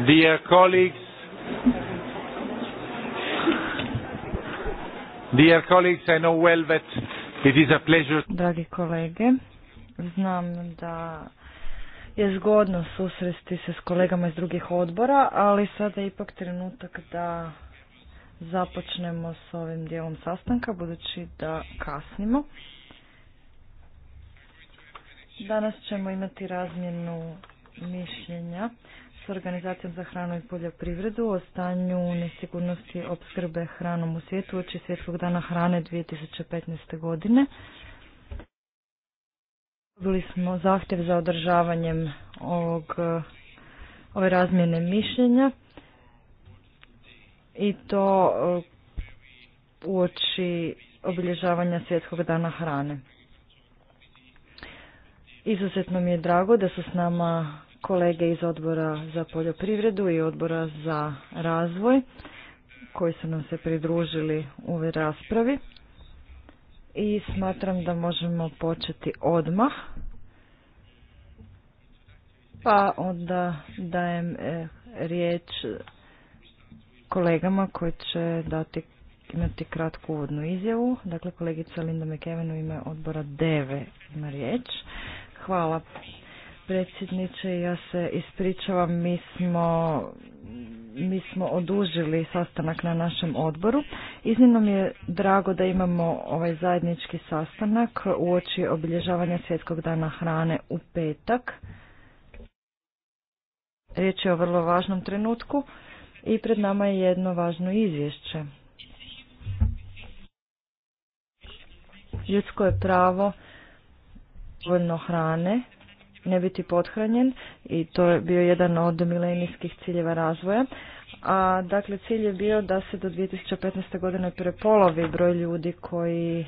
Dear colleagues, dear colleagues, I know well that it is a pleasure. Dragi kolege, znam da je zgodno susresti se s kolegama iz drugih odbora, ali sada je ipak trenutak da započnemo s ovim dijelom sastanka, budući da kasnimo. Danas ćemo imati razmjenu mišljenja s Organizacijom za hranu i poljoprivredu o stanju nesigurnosti opskrbe hranom u svijetu uoči svjetskog dana hrane 2015. godine. bili smo zahtjev za održavanjem ovog, ove razmjene mišljenja i to e, uoči obilježavanja svjetskog dana hrane. Izuzetno mi je drago da su s nama kolege iz odbora za poljoprivredu i odbora za razvoj koji su nam se pridružili u ovoj raspravi i smatram da možemo početi odmah. Pa onda dajem e, riječ kolegama koji će dati imati kratku uvodnu izjavu. Dakle, kolegica Linda McKeven u ime odbora DEVE ima riječ. Hvala predsjedniče. Ja se ispričavam, mi smo, mi smo odužili sastanak na našem odboru. Iznimno mi je drago da imamo ovaj zajednički sastanak u oči obilježavanja Svjetskog dana hrane u petak. Riječ je o vrlo važnom trenutku i pred nama je jedno važno izvješće. Ljudsko je pravo dovoljno hrane ne biti pothranjen i to je bio jedan od milenijskih ciljeva razvoja. A, dakle, cilj je bio da se do 2015. godine prepolovi broj ljudi koji e,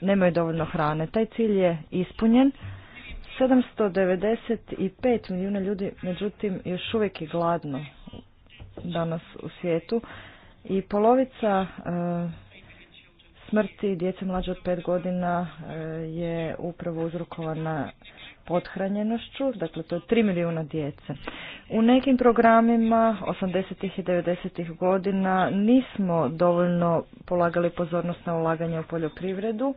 nemaju dovoljno hrane. Taj cilj je ispunjen. 795 milijuna ljudi, međutim, još uvijek je gladno danas u svijetu i polovica e, smrti djece mlađe od pet godina e, je upravo uzrokovana pothranjenošću, dakle to je 3 milijuna djece. U nekim programima 80. i 90. godina nismo dovoljno polagali pozornost na ulaganje u poljoprivredu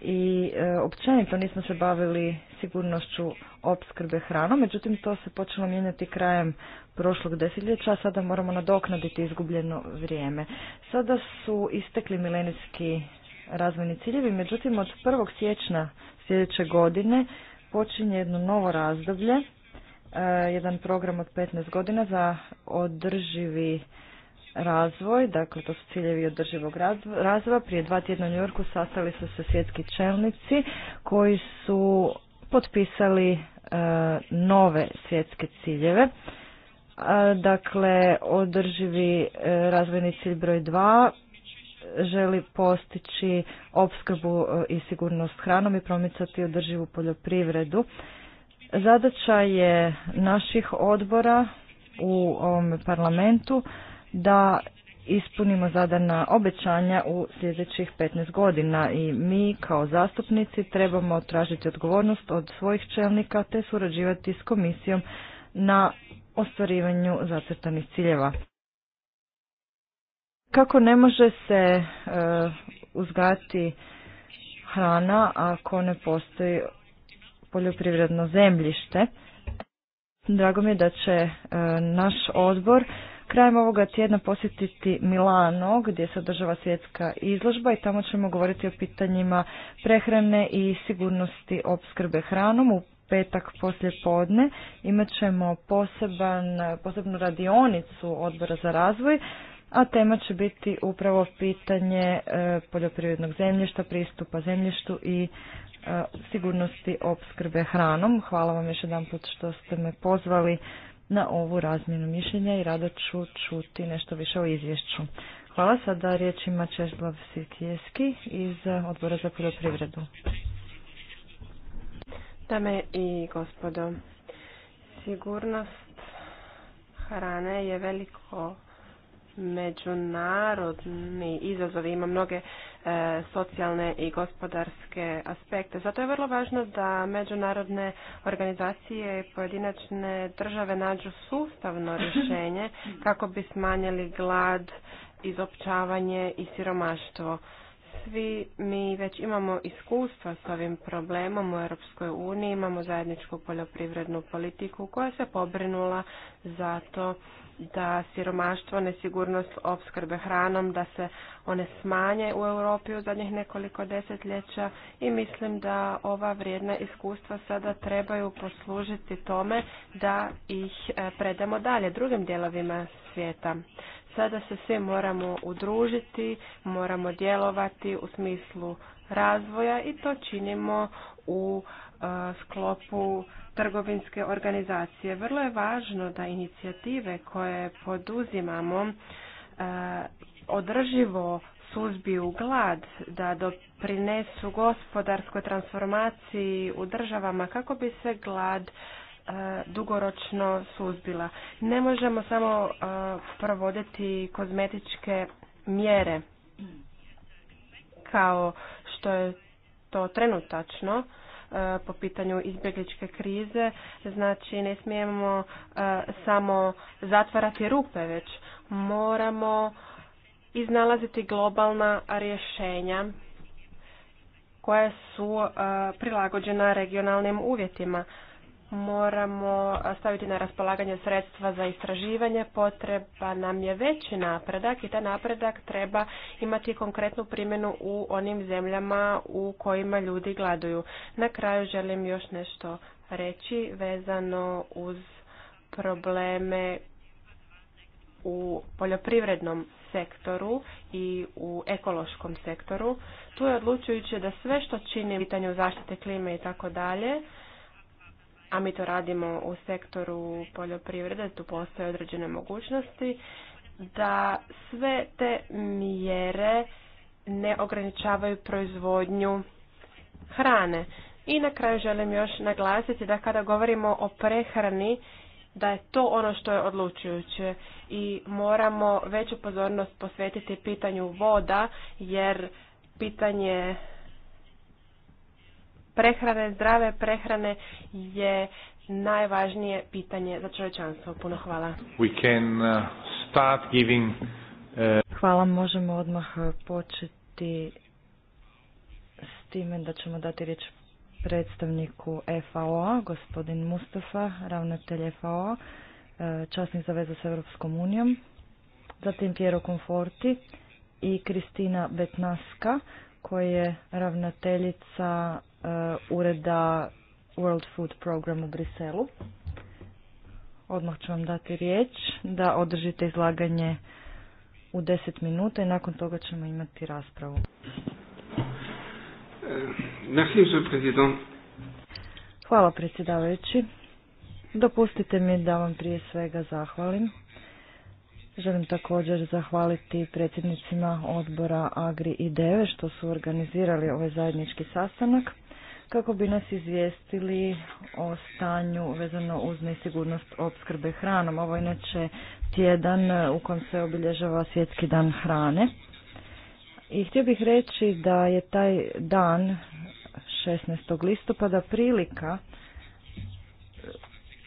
i e, općenito nismo se bavili sigurnošću opskrbe hranom, međutim to se počelo mijenjati krajem prošlog desetljeća, sada moramo nadoknaditi izgubljeno vrijeme. Sada su istekli milenijski razvojni ciljevi, međutim od 1. siječnja sljedeće godine počinje jedno novo razdoblje, e, jedan program od 15 godina za održivi razvoj, dakle to su ciljevi održivog razvoja. Prije dva tjedna u Yorku sastali su se svjetski čelnici koji su potpisali e, nove svjetske ciljeve Dakle, održivi e, razvojni cilj broj 2 želi postići opskrbu e, i sigurnost hranom i promicati održivu poljoprivredu. Zadaća je naših odbora u ovom parlamentu da ispunimo zadana obećanja u sljedećih 15 godina i mi kao zastupnici trebamo tražiti odgovornost od svojih čelnika te surađivati s komisijom na ostvarivanju zacrtanih ciljeva. Kako ne može se e, uzgati hrana ako ne postoji poljoprivredno zemljište? Drago mi je da će e, naš odbor krajem ovoga tjedna posjetiti Milano gdje se održava svjetska izložba i tamo ćemo govoriti o pitanjima prehrane i sigurnosti opskrbe hranom u petak poslje podne imat ćemo poseban, posebnu radionicu odbora za razvoj, a tema će biti upravo pitanje e, poljoprivrednog zemljišta, pristupa zemljištu i e, sigurnosti opskrbe hranom. Hvala vam još jedan put što ste me pozvali na ovu razmjenu mišljenja i rado ću čuti nešto više o izvješću. Hvala sada riječ ima Česlav iz Odbora za poljoprivredu. Dame i gospodo, sigurnost hrane je veliko međunarodni izazov ima mnoge e, socijalne i gospodarske aspekte. Zato je vrlo važno da međunarodne organizacije i pojedinačne države nađu sustavno rješenje kako bi smanjili glad, izopćavanje i siromaštvo svi mi već imamo iskustva s ovim problemom u Europskoj uniji, imamo zajedničku poljoprivrednu politiku koja se pobrinula za to da siromaštvo, nesigurnost opskrbe hranom, da se one smanje u Europi u zadnjih nekoliko desetljeća i mislim da ova vrijedna iskustva sada trebaju poslužiti tome da ih e, predamo dalje drugim dijelovima svijeta. Sada se svi moramo udružiti, moramo djelovati u smislu razvoja i to činimo u e, sklopu trgovinske organizacije. Vrlo je važno da inicijative koje poduzimamo e, održivo suzbiju glad, da doprinesu gospodarskoj transformaciji u državama kako bi se glad E, dugoročno suzbila. Ne možemo samo e, provoditi kozmetičke mjere kao što je to trenutačno e, po pitanju izbjegličke krize. Znači ne smijemo samo zatvarati rupe već moramo iznalaziti globalna rješenja koja su prilagođena regionalnim uvjetima moramo staviti na raspolaganje sredstva za istraživanje, potreba nam je veći napredak i taj napredak treba imati konkretnu primjenu u onim zemljama u kojima ljudi gladuju. Na kraju želim još nešto reći vezano uz probleme u poljoprivrednom sektoru i u ekološkom sektoru. Tu je odlučujuće da sve što čini pitanju zaštite klime i tako dalje, a mi to radimo u sektoru poljoprivrede, tu postoje određene mogućnosti, da sve te mjere ne ograničavaju proizvodnju hrane. I na kraju želim još naglasiti da kada govorimo o prehrani, da je to ono što je odlučujuće i moramo veću pozornost posvetiti pitanju voda jer pitanje prehrane, zdrave prehrane je najvažnije pitanje za čovječanstvo. Puno hvala. We can uh, start giving, uh, Hvala, možemo odmah uh, početi s time da ćemo dati riječ predstavniku FAO, gospodin Mustafa, ravnatelj FAO, časnik za vezu s Europskom unijom, zatim Piero Conforti i Kristina Betnaska, koja je ravnateljica Uh, ureda World Food Program u Briselu. Odmah ću vam dati riječ da održite izlaganje u deset minuta i nakon toga ćemo imati raspravu. Eh, Hvala predsjedavajući. Dopustite mi da vam prije svega zahvalim. Želim također zahvaliti predsjednicima odbora Agri i Deve što su organizirali ovaj zajednički sastanak kako bi nas izvijestili o stanju vezano uz nesigurnost opskrbe hranom. Ovo je inače tjedan u kojem se obilježava svjetski dan hrane. I htio bih reći da je taj dan 16. listopada prilika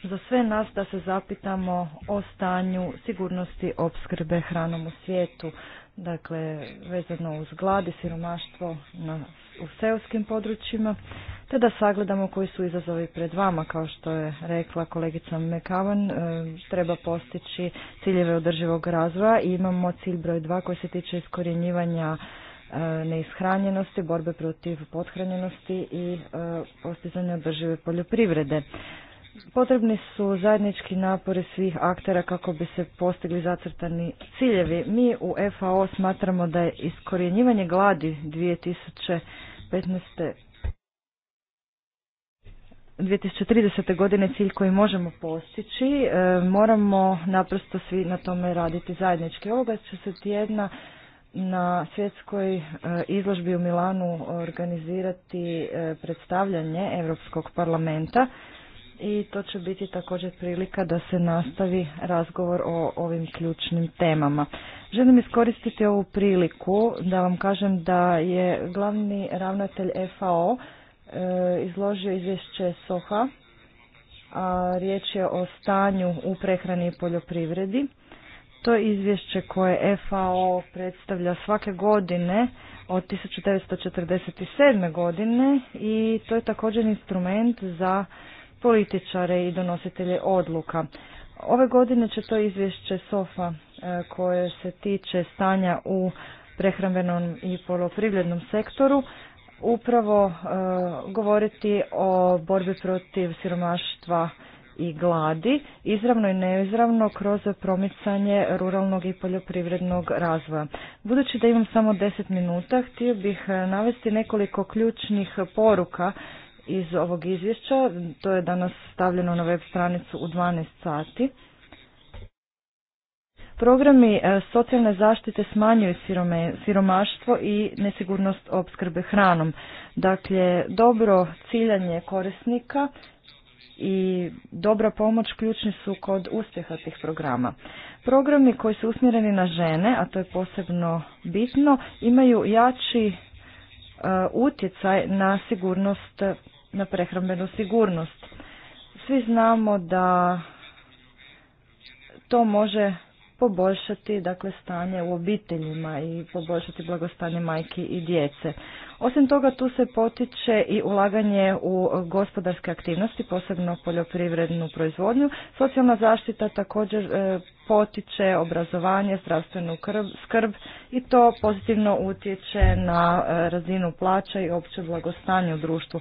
za sve nas da se zapitamo o stanju sigurnosti opskrbe hranom u svijetu. Dakle, vezano uz glad i siromaštvo na, u seoskim područjima te da sagledamo koji su izazovi pred vama. Kao što je rekla kolegica Mekavan, e, treba postići ciljeve održivog razvoja i imamo cilj broj 2 koji se tiče iskorjenjivanja e, neishranjenosti, borbe protiv pothranjenosti i e, postizanja održive poljoprivrede. Potrebni su zajednički napori svih aktera kako bi se postigli zacrtani ciljevi. Mi u FAO smatramo da je iskorjenjivanje gladi 2015. 2030. godine cilj koji možemo postići, e, moramo naprosto svi na tome raditi zajednički. Ovoga će se tjedna na svjetskoj e, izložbi u Milanu organizirati e, predstavljanje Europskog parlamenta i to će biti također prilika da se nastavi razgovor o ovim ključnim temama. Želim iskoristiti ovu priliku da vam kažem da je glavni ravnatelj FAO E, izložio izvješće SOHA, a riječ je o stanju u prehrani i poljoprivredi. To je izvješće koje FAO predstavlja svake godine od 1947. godine i to je također instrument za političare i donositelje odluka. Ove godine će to izvješće SOFA e, koje se tiče stanja u prehrambenom i poljoprivrednom sektoru upravo e, govoriti o borbi protiv siromaštva i gladi, izravno i neizravno kroz promicanje ruralnog i poljoprivrednog razvoja. Budući da imam samo 10 minuta, htio bih e, navesti nekoliko ključnih poruka iz ovog izvješća. To je danas stavljeno na web stranicu u 12 sati. Programi e, socijalne zaštite smanjuju siromaštvo i nesigurnost opskrbe hranom. Dakle, dobro ciljanje korisnika i dobra pomoć ključni su kod uspjeha tih programa. Programi koji su usmjereni na žene, a to je posebno bitno, imaju jači e, utjecaj na sigurnost, na prehrambenu sigurnost. Svi znamo da to može poboljšati dakle stanje u obiteljima i poboljšati blagostanje majki i djece. Osim toga tu se potiče i ulaganje u gospodarske aktivnosti, posebno poljoprivrednu proizvodnju. Socijalna zaštita također e, potiče obrazovanje, zdravstvenu skrb i to pozitivno utječe na e, razinu plaća i opće blagostanje u društvu.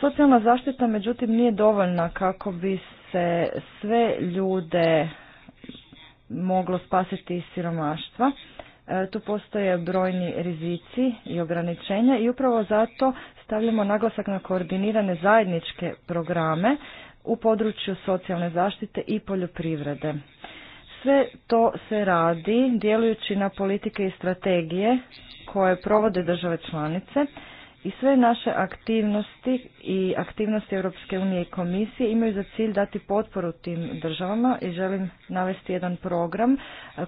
Socijalna zaštita međutim nije dovoljna kako bi se sve ljude moglo spasiti iz siromaštva. E, tu postoje brojni rizici i ograničenja i upravo zato stavljamo naglasak na koordinirane zajedničke programe u području socijalne zaštite i poljoprivrede. Sve to se radi djelujući na politike i strategije koje provode države članice i sve naše aktivnosti i aktivnosti Europske unije i komisije imaju za cilj dati potporu tim državama i želim navesti jedan program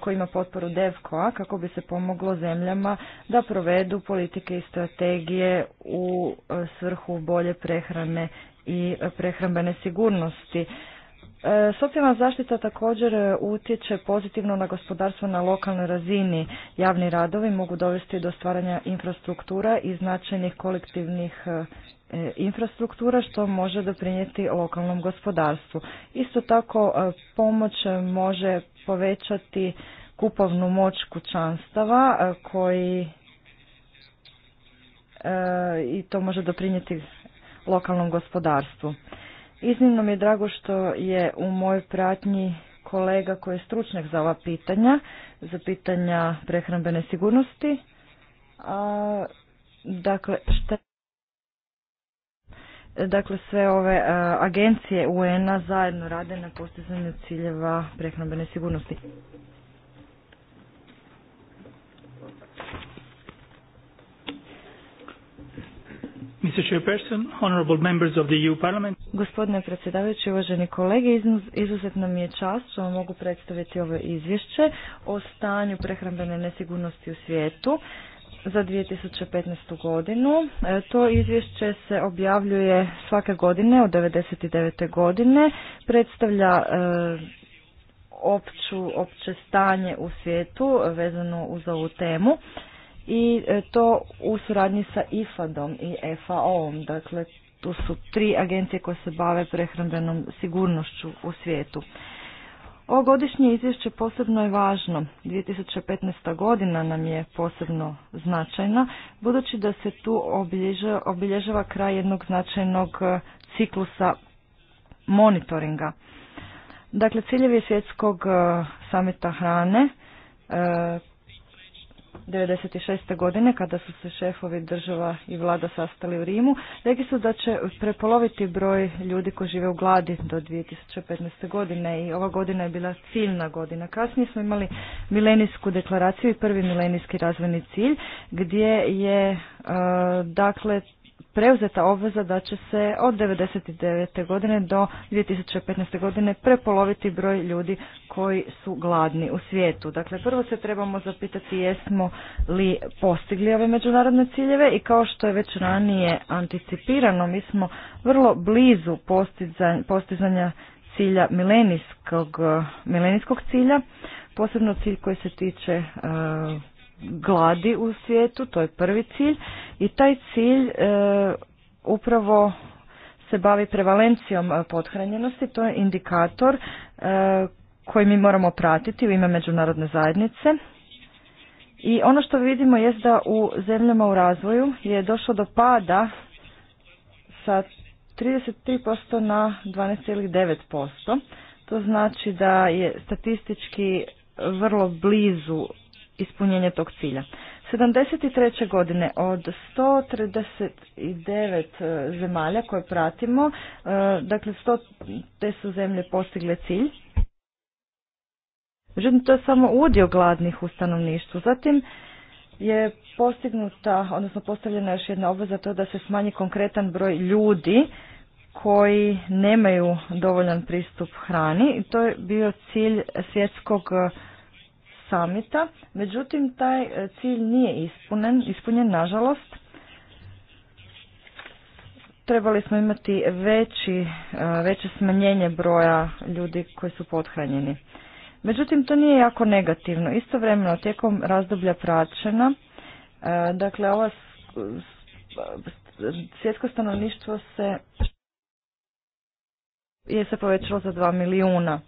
koji ima potporu DEVKOA kako bi se pomoglo zemljama da provedu politike i strategije u svrhu bolje prehrane i prehrambene sigurnosti. E, socijalna zaštita također e, utječe pozitivno na gospodarstvo na lokalnoj razini. Javni radovi mogu dovesti do stvaranja infrastruktura i značajnih kolektivnih e, infrastruktura što može doprinijeti lokalnom gospodarstvu. Isto tako pomoć može povećati kupovnu moć kućanstava koji i to može doprinijeti lokalnom gospodarstvu. Iznimno mi je drago što je u mojoj pratnji kolega koji je stručnjak za ova pitanja, za pitanja prehrambene sigurnosti. A, dakle, šta Dakle, sve ove agencije UN-a zajedno rade na postizanju ciljeva prehrambene sigurnosti. E Gospodine predsjedavajući, uvaženi kolege, izuzetno mi je čast što vam mogu predstaviti ovo izvješće o stanju prehrambene nesigurnosti u svijetu za 2015. godinu. E, to izvješće se objavljuje svake godine od 1999. godine. Predstavlja e, opću, opće stanje u svijetu vezano uz ovu temu i e, to u suradnji sa IFAD-om i FAO-om. Dakle, tu su tri agencije koje se bave prehrambenom sigurnošću u svijetu. Ovo godišnje izvješće posebno je važno. 2015. godina nam je posebno značajna, budući da se tu obilježava kraj jednog značajnog e, ciklusa monitoringa. Dakle, ciljevi svjetskog e, sameta hrane 1996. godine kada su se šefovi država i vlada sastali u Rimu, rekli su da će prepoloviti broj ljudi koji žive u gladi do 2015. godine i ova godina je bila ciljna godina. Kasnije smo imali milenijsku deklaraciju i prvi milenijski razvojni cilj gdje je e, dakle preuzeta obveza da će se od 1999. godine do 2015. godine prepoloviti broj ljudi koji su gladni u svijetu. Dakle, prvo se trebamo zapitati jesmo li postigli ove međunarodne ciljeve i kao što je već ranije anticipirano, mi smo vrlo blizu postizanja cilja milenijskog, milenijskog cilja, posebno cilj koji se tiče e, gladi u svijetu, to je prvi cilj i taj cilj e, upravo se bavi prevalencijom e, pothranjenosti, to je indikator e, koji mi moramo pratiti u ime međunarodne zajednice. I ono što vidimo je da u zemljama u razvoju je došlo do pada sa 33% na 12,9%. To znači da je statistički vrlo blizu ispunjenje tog cilja. 73. godine od 139 e, zemalja koje pratimo, e, dakle 100 te su zemlje postigle cilj. Međutim, to je samo udio gladnih u stanovništvu. Zatim je postignuta, odnosno postavljena još jedna obveza to da se smanji konkretan broj ljudi koji nemaju dovoljan pristup hrani i to je bio cilj svjetskog samita, međutim taj e, cilj nije ispunen, ispunjen nažalost. Trebali smo imati veći, e, veće smanjenje broja ljudi koji su pothranjeni. Međutim, to nije jako negativno. Istovremeno, tijekom razdoblja praćena, e, dakle, ova svjetsko stanovništvo se je se povećalo za 2 milijuna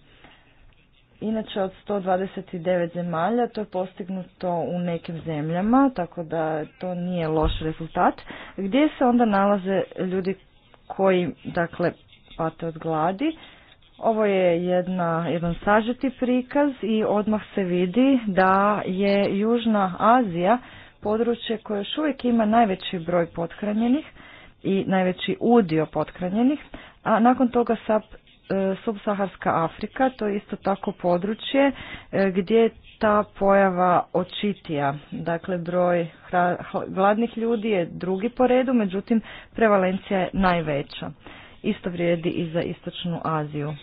inače od 129 zemalja, to je postignuto u nekim zemljama, tako da to nije loš rezultat. Gdje se onda nalaze ljudi koji, dakle, pate od gladi? Ovo je jedna, jedan sažeti prikaz i odmah se vidi da je Južna Azija područje koje još uvijek ima najveći broj pothranjenih i najveći udio pothranjenih, a nakon toga SAP E, subsaharska Afrika, to je isto tako područje e, gdje je ta pojava očitija. Dakle, broj gladnih ljudi je drugi po redu, međutim, prevalencija je najveća. Isto vrijedi i za Istočnu Aziju.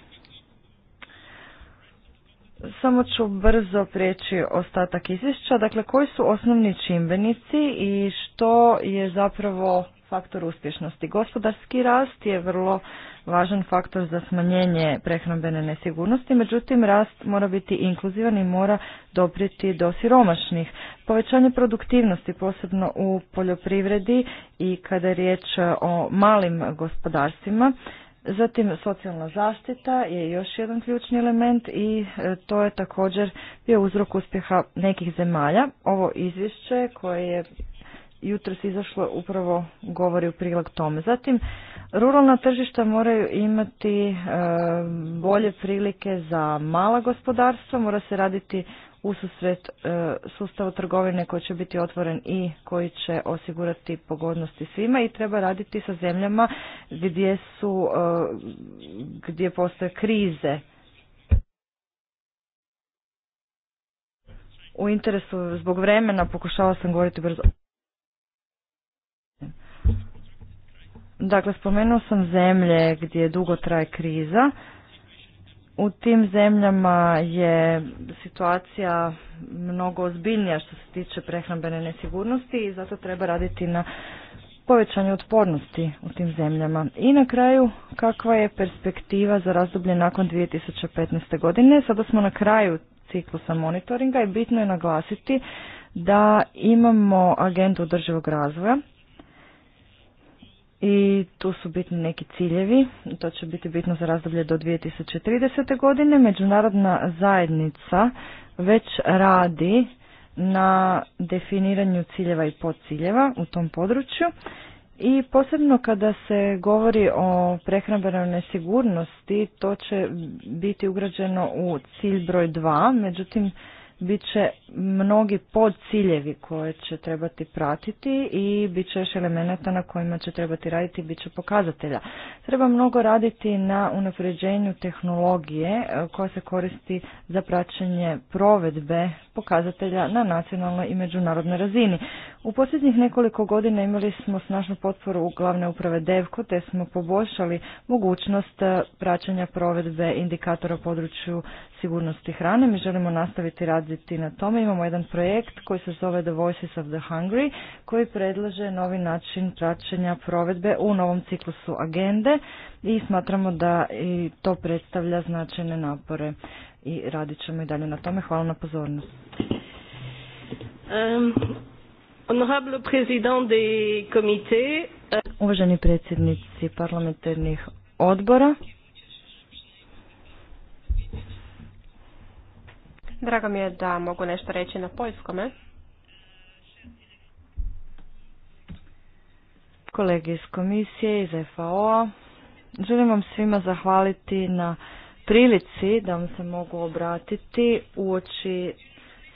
Samo ću brzo prijeći ostatak izvješća. Dakle, koji su osnovni čimbenici i što je zapravo faktor uspješnosti. Gospodarski rast je vrlo važan faktor za smanjenje prehrambene nesigurnosti, međutim rast mora biti inkluzivan i mora dopriti do siromašnih. Povećanje produktivnosti, posebno u poljoprivredi i kada je riječ o malim gospodarstvima, Zatim socijalna zaštita je još jedan ključni element i e, to je također bio uzrok uspjeha nekih zemalja. Ovo izvješće koje je jutros izašlo upravo govori u prilog tome. Zatim, ruralna tržišta moraju imati e, bolje prilike za mala gospodarstva, mora se raditi ususret e, sustava trgovine koji će biti otvoren i koji će osigurati pogodnosti svima i treba raditi sa zemljama gdje su, e, gdje postoje krize u interesu zbog vremena pokušala sam govoriti brzo. Dakle, spomenuo sam zemlje gdje dugo traje kriza. U tim zemljama je situacija mnogo ozbiljnija što se tiče prehrambene nesigurnosti i zato treba raditi na povećanju otpornosti u tim zemljama. I na kraju, kakva je perspektiva za razdoblje nakon 2015. godine? Sada smo na kraju ciklusa monitoringa i bitno je naglasiti da imamo agendu održivog razvoja i tu su bitni neki ciljevi, to će biti bitno za razdoblje do 2030. godine. Međunarodna zajednica već radi na definiranju ciljeva i podciljeva u tom području i posebno kada se govori o prehrambenoj nesigurnosti, to će biti ugrađeno u cilj broj 2, međutim bit će mnogi podciljevi koje će trebati pratiti i bit će još elemenata na kojima će trebati raditi, bit će pokazatelja. Treba mnogo raditi na unapređenju tehnologije eh, koja se koristi za praćenje provedbe pokazatelja na nacionalnoj i međunarodnoj razini. U posljednjih nekoliko godina imali smo snažnu potporu u glavne uprave DEVKO te smo poboljšali mogućnost e, praćenja provedbe indikatora u području sigurnosti hrane. Mi želimo nastaviti raditi na tome. Imamo jedan projekt koji se zove The Voices of the Hungry koji predlaže novi način praćenja provedbe u novom ciklusu agende i smatramo da i to predstavlja značajne napore i radit ćemo i dalje na tome. Hvala na pozornost. Um, uh, Uvaženi predsjednici parlamentarnih odbora. Drago mi je da mogu nešto reći na poljskome. Kolege iz komisije, iz fao želim vam svima zahvaliti na prilici da vam se mogu obratiti uoči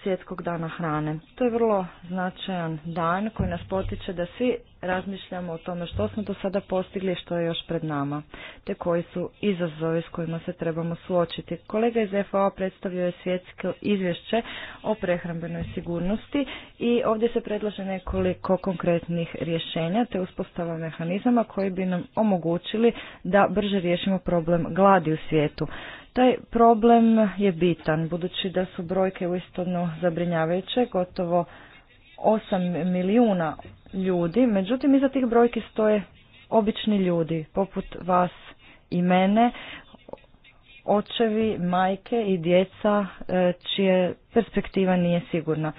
Svjetskog dana hrane. To je vrlo značajan dan koji nas potiče da svi razmišljamo o tome što smo do sada postigli i što je još pred nama, te koji su izazovi s kojima se trebamo suočiti. Kolega iz FAO predstavio je svjetsko izvješće o prehrambenoj sigurnosti i ovdje se predlaže nekoliko konkretnih rješenja te uspostava mehanizama koji bi nam omogućili da brže riješimo problem gladi u svijetu. Taj problem je bitan, budući da su brojke uistinu zabrinjavajuće, gotovo Osam milijuna ljudi, međutim iza tih brojki stoje obični ljudi, poput vas i mene, očevi, majke i djeca e, čije perspektiva nije sigurna.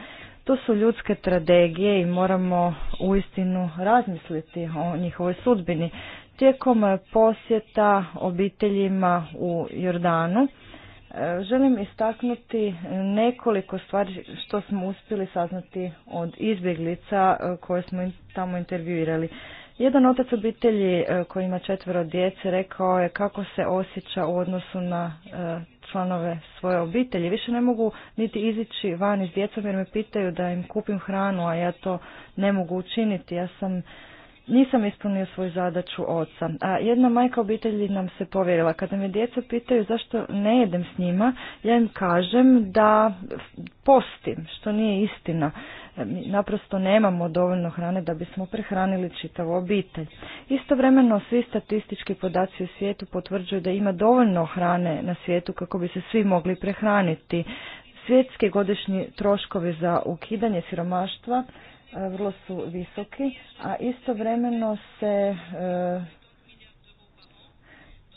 To su ljudske tragedije i moramo uistinu razmisliti o njihovoj sudbini. Tijekom posjeta obiteljima u Jordanu Želim istaknuti nekoliko stvari što smo uspjeli saznati od izbjeglica e, koje smo tamo intervjuirali. Jedan otac obitelji e, koji ima četvero djece rekao je kako se osjeća u odnosu na e, članove svoje obitelji. Više ne mogu niti izići van iz djecom jer me pitaju da im kupim hranu, a ja to ne mogu učiniti. Ja sam nisam ispunio svoju zadaću oca. A jedna majka obitelji nam se povjerila. Kada me djeca pitaju zašto ne jedem s njima, ja im kažem da postim, što nije istina. E, naprosto nemamo dovoljno hrane da bismo prehranili čitavu obitelj. Istovremeno svi statistički podaci u svijetu potvrđuju da ima dovoljno hrane na svijetu kako bi se svi mogli prehraniti. Svjetski godišnji troškovi za ukidanje siromaštva E, vrlo su visoki, a istovremeno se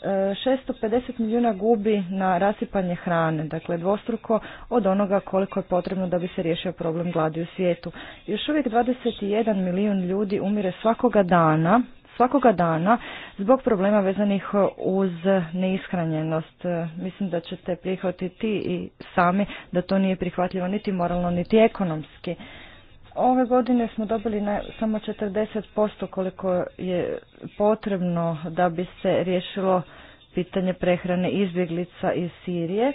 650 e, e, milijuna gubi na rasipanje hrane, dakle dvostruko od onoga koliko je potrebno da bi se riješio problem gladi u svijetu. Još uvijek 21 milijun ljudi umire svakoga dana, svakoga dana zbog problema vezanih uz neishranjenost. Mislim da ćete prihvatiti i sami da to nije prihvatljivo niti moralno niti ekonomski. Ove godine smo dobili na samo 40% koliko je potrebno da bi se riješilo pitanje prehrane izbjeglica iz Sirije.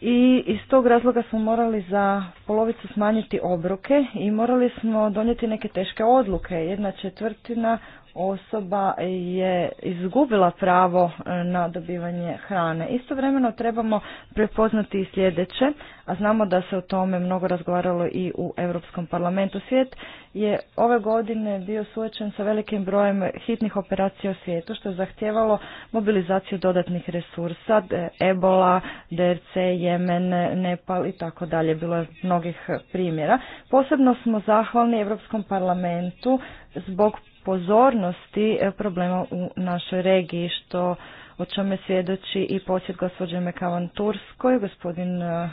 I iz tog razloga smo morali za polovicu smanjiti obroke i morali smo donijeti neke teške odluke. Jedna četvrtina osoba je izgubila pravo e, na dobivanje hrane. Istovremeno trebamo prepoznati i sljedeće, a znamo da se o tome mnogo razgovaralo i u Europskom parlamentu. Svijet je ove godine bio suočen sa velikim brojem hitnih operacija u svijetu, što je zahtjevalo mobilizaciju dodatnih resursa, Ebola, DRC, Jemen, Nepal i tako dalje. Bilo je mnogih primjera. Posebno smo zahvalni Europskom parlamentu zbog pozornosti eh, problema u našoj regiji, što o čome svjedoči i posjet gospođe Mekavan Turskoj, gospodin eh,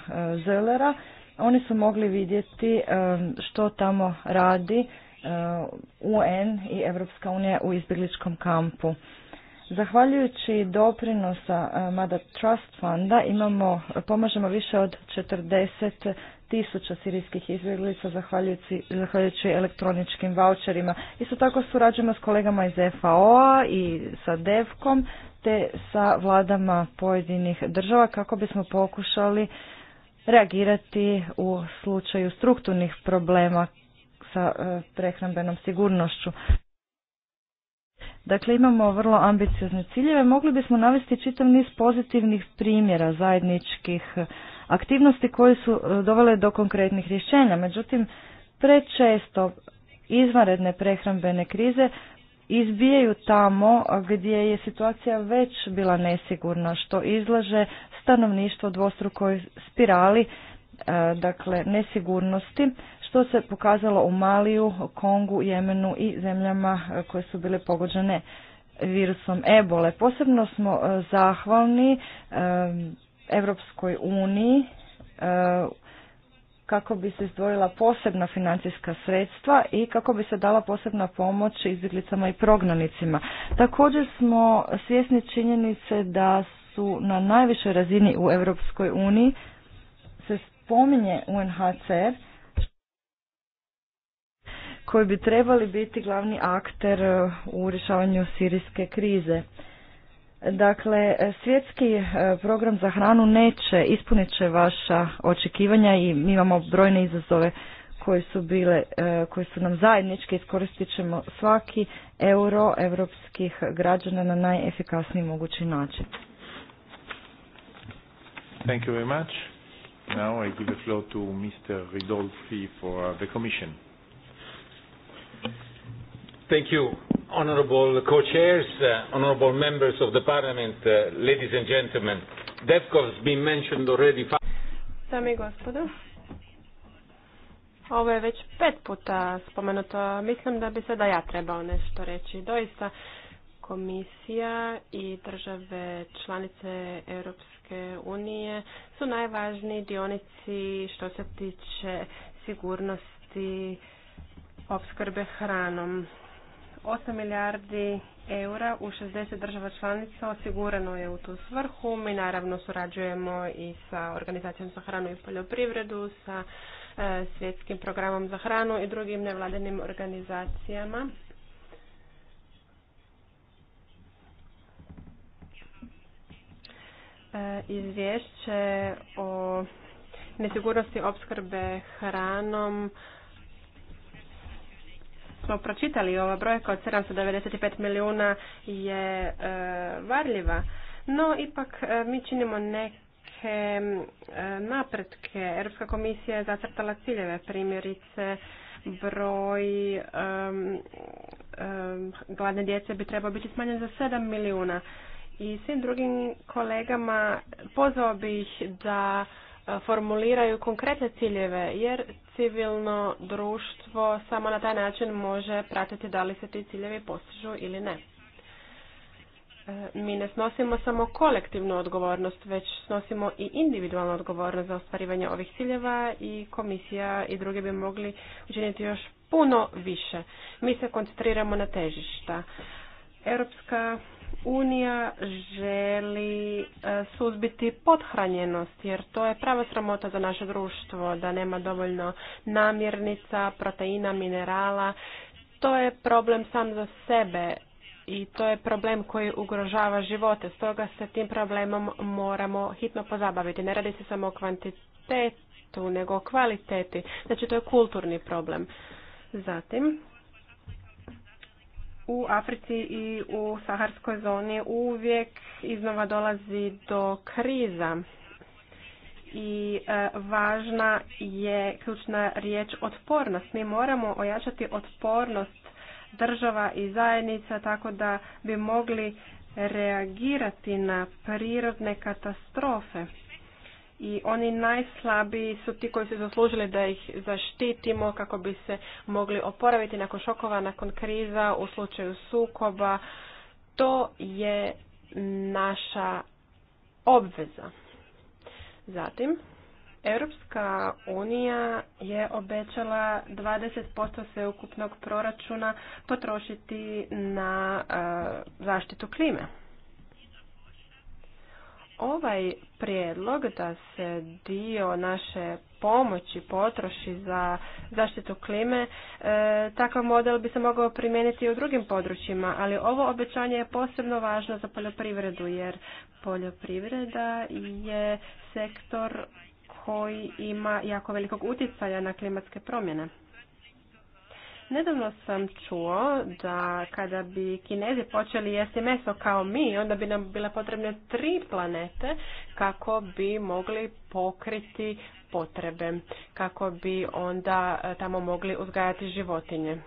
Zelera. Oni su mogli vidjeti eh, što tamo radi UN i Evropska unija u izbjegličkom kampu. Zahvaljujući doprinosa Mada Trust Funda imamo, pomažemo više od 40 tisuća sirijskih izbjeglica zahvaljujući, zahvaljujući elektroničkim voucherima. Isto tako surađujemo s kolegama iz FAO-a i sa DEVKOM te sa vladama pojedinih država kako bismo pokušali reagirati u slučaju strukturnih problema sa e, prehrambenom sigurnošću. Dakle, imamo vrlo ambiciozne ciljeve. Mogli bismo navesti čitav niz pozitivnih primjera zajedničkih aktivnosti koje su e, dovele do konkretnih rješenja. Međutim, prečesto izvanredne prehrambene krize izbijaju tamo gdje je situacija već bila nesigurna, što izlaže stanovništvo dvostrukoj spirali, e, dakle nesigurnosti, što se pokazalo u Maliju, Kongu, Jemenu i zemljama e, koje su bile pogođene virusom ebole. Posebno smo zahvalni Europskoj uniji e, kako bi se izdvojila posebna financijska sredstva i kako bi se dala posebna pomoć izbjeglicama i prognanicima. Također smo svjesni činjenice da su na najvišoj razini u Europskoj uniji se spominje UNHCR koji bi trebali biti glavni akter u rješavanju sirijske krize. Dakle, svjetski e, program za hranu neće, ispunit će vaša očekivanja i mi imamo brojne izazove koje su bile, e, koji su nam zajednički, iskoristit ćemo svaki euro europskih građana na najefikasniji mogući način. Thank you very much. Now I give the floor to Mr. Ridolfi for uh, the Commission. Thank you honorable co-chairs, uh, honorable members of the parliament, uh, ladies and gentlemen. DEFCO has been mentioned already. Dame gospodo, ovo je već pet puta spomenuto. Mislim da bi sada ja trebao nešto reći. Doista, komisija i države članice Europske unije su najvažniji dionici što se tiče sigurnosti opskrbe hranom. 8 milijardi eura u 60 država članica osigurano je u tu svrhu. Mi naravno surađujemo i sa organizacijom za hranu i poljoprivredu, sa e, svjetskim programom za hranu i drugim nevladenim organizacijama. E, izvješće o nesigurnosti opskrbe hranom smo pročitali, ova brojka od 795 milijuna je e, varljiva, no ipak e, mi činimo neke e, napretke. Europska komisija je zacrtala ciljeve, primjerice broj um, gladne djece bi trebao biti smanjen za 7 milijuna. I svim drugim kolegama pozvao bih da formuliraju konkretne ciljeve, jer civilno društvo samo na taj način može pratiti da li se ti ciljevi postižu ili ne. E, mi ne snosimo samo kolektivnu odgovornost, već snosimo i individualnu odgovornost za ostvarivanje ovih ciljeva i komisija i druge bi mogli učiniti još puno više. Mi se koncentriramo na težišta. Europska unija želi e, suzbiti pothranjenost, jer to je prava sramota za naše društvo, da nema dovoljno namirnica, proteina, minerala. To je problem sam za sebe i to je problem koji ugrožava živote. Stoga se tim problemom moramo hitno pozabaviti. Ne radi se samo o kvantitetu, nego o kvaliteti. Znači, to je kulturni problem. Zatim, u Africi i u Saharskoj zoni uvijek iznova dolazi do kriza i e, važna je ključna riječ otpornost. Mi moramo ojačati otpornost država i zajednica tako da bi mogli reagirati na prirodne katastrofe i oni najslabiji su ti koji su zaslužili da ih zaštitimo kako bi se mogli oporaviti nakon šokova, nakon kriza, u slučaju sukoba. To je naša obveza. Zatim, Europska unija je obećala 20% sveukupnog proračuna potrošiti na e, zaštitu klime. Ovaj prijedlog da se dio naše pomoći potroši za zaštitu klime, e, takav model bi se mogao primijeniti i u drugim područjima, ali ovo obećanje je posebno važno za poljoprivredu jer poljoprivreda je sektor koji ima jako velikog utjecaja na klimatske promjene. Nedavno sam čuo da kada bi Kinezi počeli jesti meso kao mi, onda bi nam bila potrebne tri planete kako bi mogli pokriti potrebe, kako bi onda e, tamo mogli uzgajati životinje.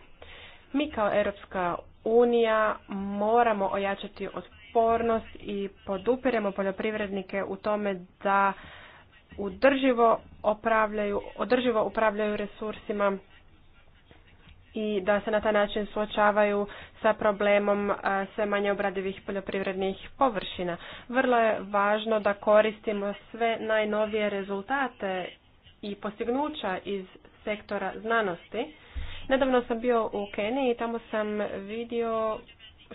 Mi kao Europska unija moramo ojačati otpornost i podupiremo poljoprivrednike u tome da udrživo upravljaju, održivo upravljaju resursima i da se na taj način suočavaju sa problemom sve manje obradivih poljoprivrednih površina. Vrlo je važno da koristimo sve najnovije rezultate i postignuća iz sektora znanosti. Nedavno sam bio u Keniji i tamo sam vidio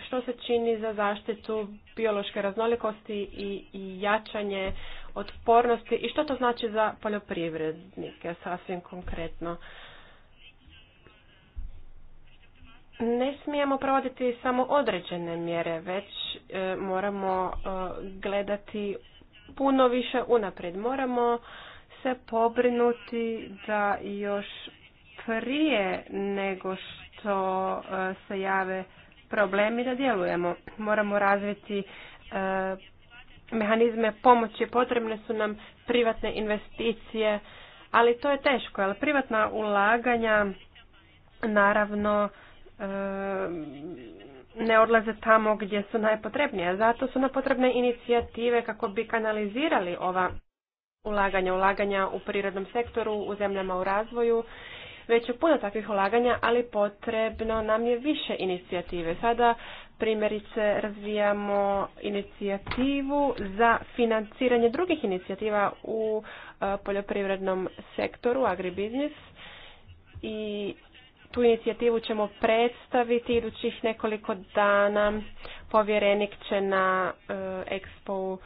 što se čini za zaštitu biološke raznolikosti i, i jačanje otpornosti i što to znači za poljoprivrednike sasvim konkretno. ne smijemo provoditi samo određene mjere, već e, moramo e, gledati puno više unaprijed. Moramo se pobrinuti da još prije nego što e, se jave problemi da djelujemo. Moramo razviti mehanizme pomoći, potrebne su nam privatne investicije, ali to je teško, ali privatna ulaganja naravno ne odlaze tamo gdje su najpotrebnije. Zato su nam potrebne inicijative kako bi kanalizirali ova ulaganja, ulaganja u prirodnom sektoru, u zemljama u razvoju. Već je puno takvih ulaganja, ali potrebno nam je više inicijative. Sada primjerice razvijamo inicijativu za financiranje drugih inicijativa u e, poljoprivrednom sektoru, agribiznis. I tu inicijativu ćemo predstaviti idućih nekoliko dana. Povjerenik će na e, Expo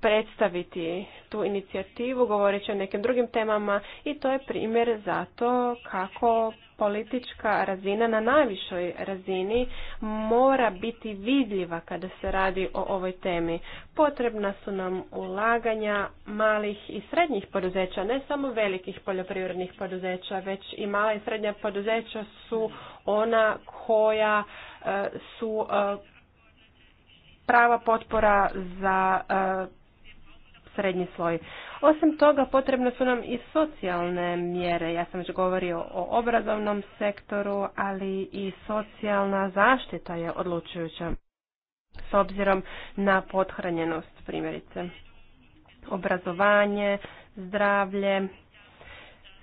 predstaviti tu inicijativu, govoreći o nekim drugim temama i to je primjer za to kako politička razina na najvišoj razini mora biti vidljiva kada se radi o ovoj temi. Potrebna su nam ulaganja malih i srednjih poduzeća, ne samo velikih poljoprivrednih poduzeća, već i mala i srednja poduzeća su ona koja e, su e, prava potpora za e, srednji sloj. Osim toga potrebne su nam i socijalne mjere. Ja sam već govorio o obrazovnom sektoru, ali i socijalna zaštita je odlučujuća s obzirom na pothranjenost primjerice. Obrazovanje, zdravlje,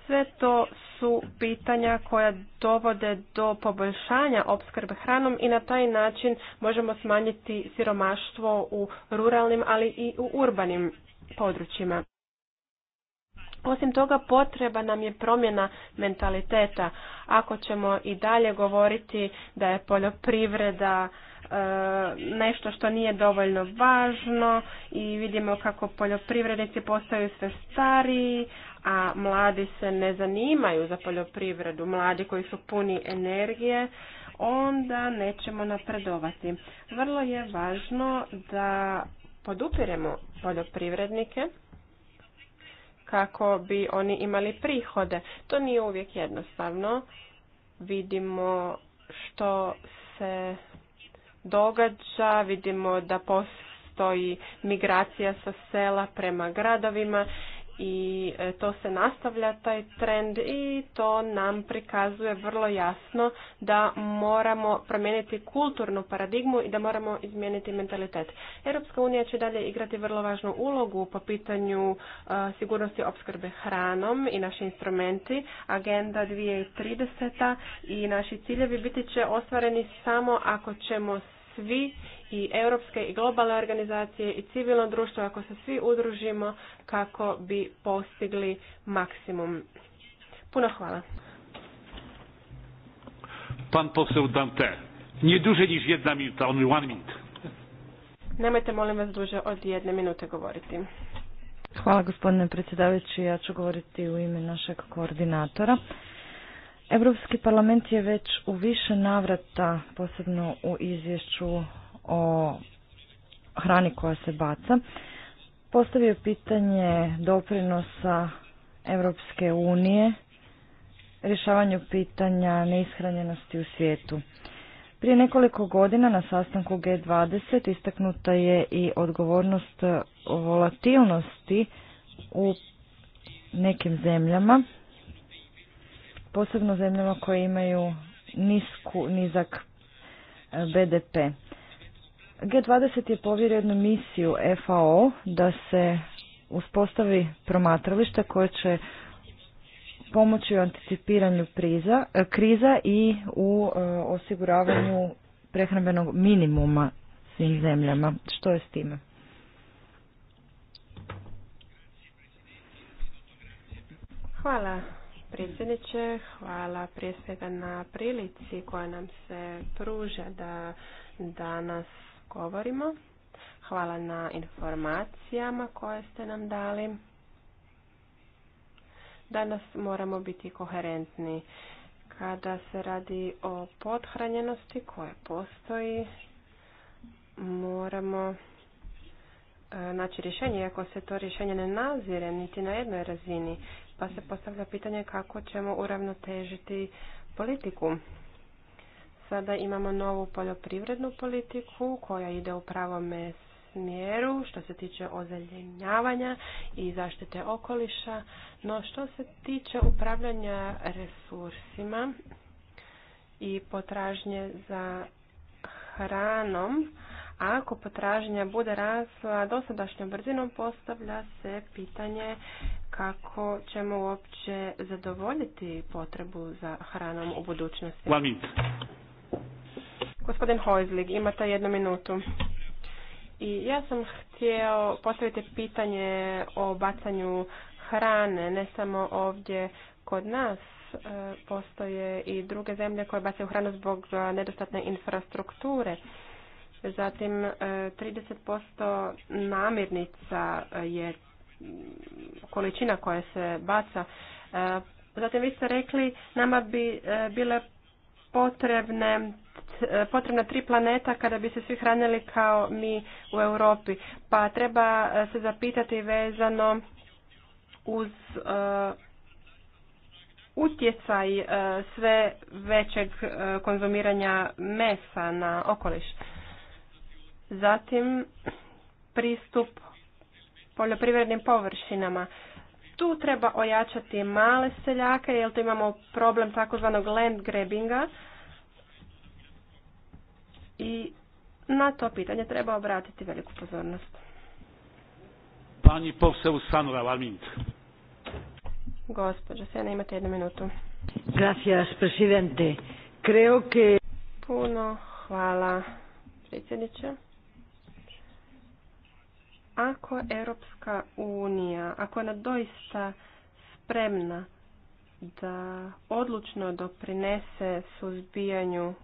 sve to su pitanja koja dovode do poboljšanja opskrbe hranom i na taj način možemo smanjiti siromaštvo u ruralnim, ali i u urbanim područjima. Osim toga potreba nam je promjena mentaliteta. Ako ćemo i dalje govoriti da je poljoprivreda e, nešto što nije dovoljno važno i vidimo kako poljoprivrednici postaju sve stariji, a mladi se ne zanimaju za poljoprivredu, mladi koji su puni energije, onda nećemo napredovati. Vrlo je važno da podupiremo poljoprivrednike kako bi oni imali prihode. To nije uvijek jednostavno. Vidimo što se događa, vidimo da postoji migracija sa sela prema gradovima i e, to se nastavlja taj trend i to nam prikazuje vrlo jasno da moramo promijeniti kulturnu paradigmu i da moramo izmijeniti mentalitet. Europska unija će dalje igrati vrlo važnu ulogu po pitanju e, sigurnosti opskrbe hranom i naši instrumenti. Agenda 2030 i naši ciljevi biti će ostvareni samo ako ćemo svi i europske i globalne organizacije i civilno društvo, ako se svi udružimo kako bi postigli maksimum. Puno hvala. Pan poseł Dante. duže niż jedna minuta, only one minute. Nemojte molim vas duže od jedne minute govoriti. Hvala gospodine predsjedavajući, ja ću govoriti u ime našeg koordinatora. Europski parlament je već u više navrata, posebno u izvješću o hrani koja se baca, postavio pitanje doprinosa Europske unije rješavanju pitanja neishranjenosti u svijetu. Prije nekoliko godina na sastanku G20 istaknuta je i odgovornost volatilnosti u nekim zemljama posebno zemljama koje imaju nisku, nizak e, BDP. G20 je povjerio jednu misiju FAO da se uspostavi promatralište koje će pomoći u anticipiranju priza, e, kriza i u e, osiguravanju prehrambenog minimuma svim zemljama. Što je s time? Hvala predsjedniče. Hvala prije svega na prilici koja nam se pruža da danas govorimo. Hvala na informacijama koje ste nam dali. Danas moramo biti koherentni kada se radi o pothranjenosti koja postoji. Moramo e, naći rješenje, iako se to rješenje ne nazire niti na jednoj razini pa se postavlja pitanje kako ćemo uravnotežiti politiku. Sada imamo novu poljoprivrednu politiku koja ide u pravome smjeru što se tiče ozeljenjavanja i zaštite okoliša, no što se tiče upravljanja resursima i potražnje za hranom, ako potražnja bude rasla dosadašnjom brzinom, postavlja se pitanje kako ćemo uopće zadovoljiti potrebu za hranom u budućnosti. Gospodin Hojzlig, imate jednu minutu. I ja sam htio postaviti pitanje o bacanju hrane, ne samo ovdje kod nas, e, postoje i druge zemlje koje bacaju hranu zbog nedostatne infrastrukture. Zatim 30% e, namirnica je količina koja se baca. E, zatim vi ste rekli nama bi e, bile potrebne e, potrebna tri planeta kada bi se svi hranili kao mi u Europi. Pa treba se zapitati vezano uz utjecaj sve većeg konzumiranja mesa na okoliš. Zatim pristup poljoprivrednim površinama. Tu treba ojačati male seljake, jer tu imamo problem takozvanog land grabbinga. I na to pitanje treba obratiti veliku pozornost. Pani Sanura Gospođo Sena, imate jednu minutu. Gracias, presidente. Creo que... Puno hvala, predsjedniče. Ako Europska unija, ako ona doista spremna da odlučno doprinese suzbijanju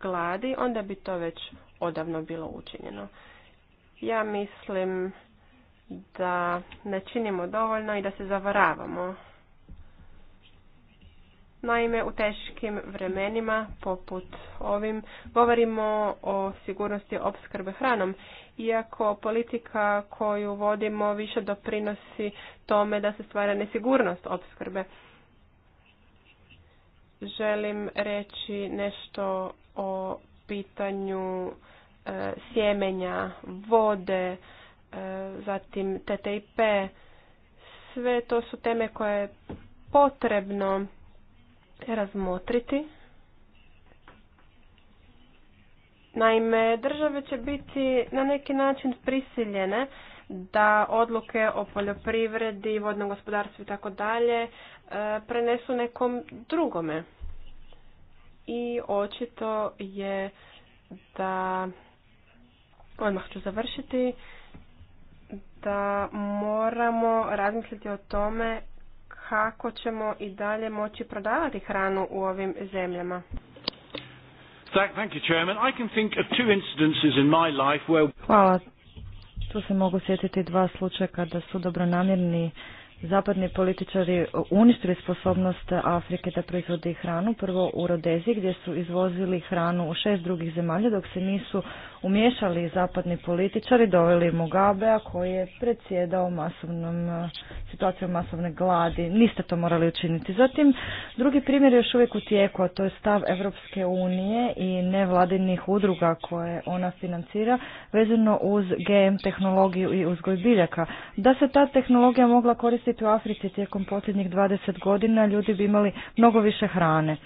gladi, onda bi to već odavno bilo učinjeno. Ja mislim da ne činimo dovoljno i da se zavaravamo Naime, u teškim vremenima, poput ovim, govorimo o sigurnosti opskrbe hranom. Iako politika koju vodimo više doprinosi tome da se stvara nesigurnost opskrbe. Želim reći nešto o pitanju e, sjemenja, vode, e, zatim TTIP. Sve to su teme koje potrebno razmotriti. Naime, države će biti na neki način prisiljene da odluke o poljoprivredi, vodnom gospodarstvu i tako dalje e, prenesu nekom drugome. I očito je da, odmah ću završiti, da moramo razmisliti o tome kako ćemo i dalje moći prodavati hranu u ovim zemljama. Hvala. Tu se mogu sjetiti dva slučaja kada su dobronamjerni zapadni političari uništili sposobnost Afrike da proizvodi hranu, prvo u Rodezi gdje su izvozili hranu u šest drugih zemalja dok se nisu umješali zapadni političari, doveli Mugabea koji je predsjedao masovnom, situacijom masovne gladi. Niste to morali učiniti. Zatim, drugi primjer je još uvijek u tijeku, a to je stav Evropske unije i nevladinih udruga koje ona financira vezano uz GM tehnologiju i uzgoj biljaka. Da se ta tehnologija mogla koristiti u Africi tijekom posljednjih 20 godina ljudi bi imali mnogo više hrane.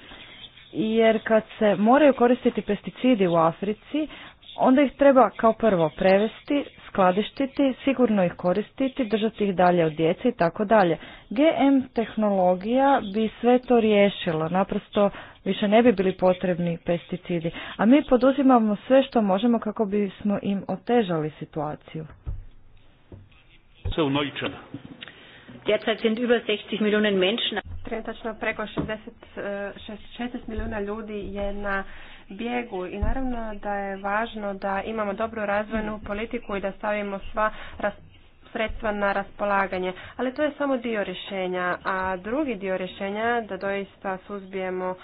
Jer kad se moraju koristiti pesticidi u Africi, onda ih treba kao prvo prevesti, skladištiti, sigurno ih koristiti, držati ih dalje od djece i tako dalje. GM tehnologija bi sve to riješila, naprosto više ne bi bili potrebni pesticidi, a mi poduzimamo sve što možemo kako bismo im otežali situaciju. Derzeit sind über 60 Millionen Menschen. preko 60, e, milijuna ljudi je na bijegu i naravno da je važno da imamo dobru razvojnu politiku i da stavimo sva sredstva na raspolaganje. Ali to je samo dio rješenja, a drugi dio rješenja da doista suzbijemo